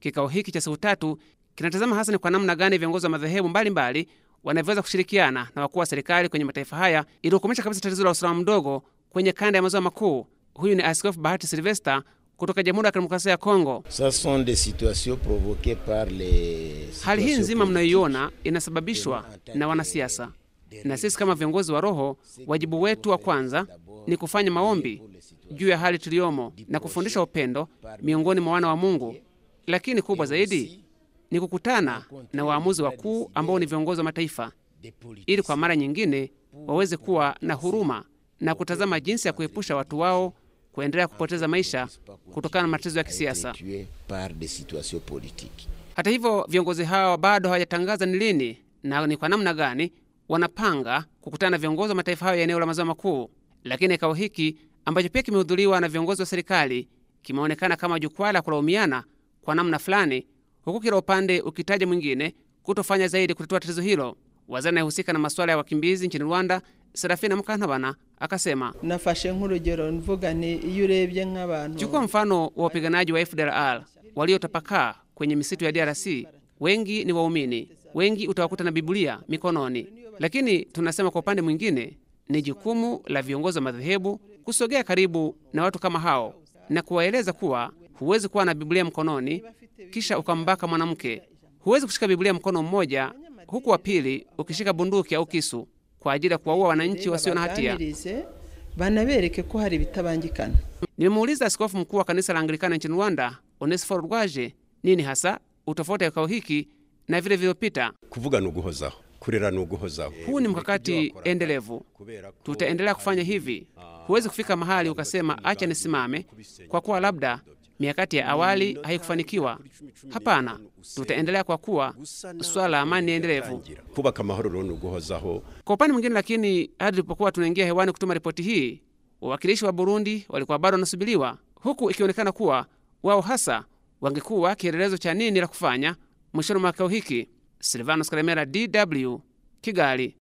Kikao hiki cha siku tatu kinatazama hasa ni kwa namna gani viongozi wa madhehebu mbalimbali wanavyoweza kushirikiana na wakuu wa serikali kwenye mataifa haya ili kukomesha kabisa tatizo la usalama mdogo kwenye kanda ya maziwa makuu. Huyu ni Askofu Bahati Silvesta kutoka Jamhuri ya Kidemokrasia ya Kongo. Hali hii nzima mnayoiona inasababishwa na wanasiasa, na sisi kama viongozi wa roho, wajibu wetu wa kwanza ni kufanya maombi juu ya hali tuliyomo na kufundisha upendo miongoni mwa wana wa Mungu lakini kubwa zaidi ni kukutana na waamuzi wakuu ambao ni viongozi wa mataifa, ili kwa mara nyingine waweze kuwa na huruma na kutazama jinsi ya kuepusha watu wao kuendelea kupoteza maisha kutokana na matatizo ya kisiasa. Hata hivyo, viongozi hao bado hawajatangaza ni lini na ni kwa namna gani wanapanga kukutana na viongozi wa mataifa hayo ya eneo la maziwa makuu. Lakini kikao hiki ambacho pia kimehudhuriwa na viongozi wa serikali kimeonekana kama jukwaa la kulaumiana kwa namna fulani, huku kila upande ukitaja mwingine kutofanya zaidi kutatua tatizo hilo. Waziri anayehusika na masuala ya wakimbizi nchini Rwanda, Serafina Mukantabana, akasema nafashe nk'urugero mvuga ni iyo urebye nk'abantu. Chukua mfano wa wapiganaji wa FDLR waliotapakaa kwenye misitu ya DRC. Wengi ni waumini, wengi utawakuta na Biblia mikononi, lakini tunasema kwa upande mwingine ni jukumu la viongozi wa madhehebu kusogea karibu na watu kama hao na kuwaeleza kuwa Huwezi kuwa na Biblia mkononi kisha ukambaka mwanamke. Huwezi kushika Biblia mkono mmoja huku wa pili ukishika bunduki au kisu kwa ajili ya kuwaua wananchi wasio na hatia. Nilimuuliza askofu mkuu wa kanisa la Anglikana nchini Rwanda, Onesiforo Rwaje, nini hasa utofauti ya kikao hiki na vile vilivyopita. Kuvuga ni uguhozaho, kurera ni uguhozaho. Huu ni mkakati endelevu, tutaendelea kufanya hivi. Huwezi kufika mahali ukasema acha nisimame, kwa kuwa labda miakati ya awali haikufanikiwa. Hapana, tutaendelea kwa kuwa swala la amani ni endelevu. Kwa upande mwingine, lakini hadi tulipokuwa tunaingia hewani kutuma ripoti hii, wawakilishi wa Burundi walikuwa bado wanasubiriwa, huku ikionekana kuwa wao hasa wangekuwa kielelezo cha nini la kufanya mwishoni mwa kikao hiki. Silvanos Karemera, DW, Kigali.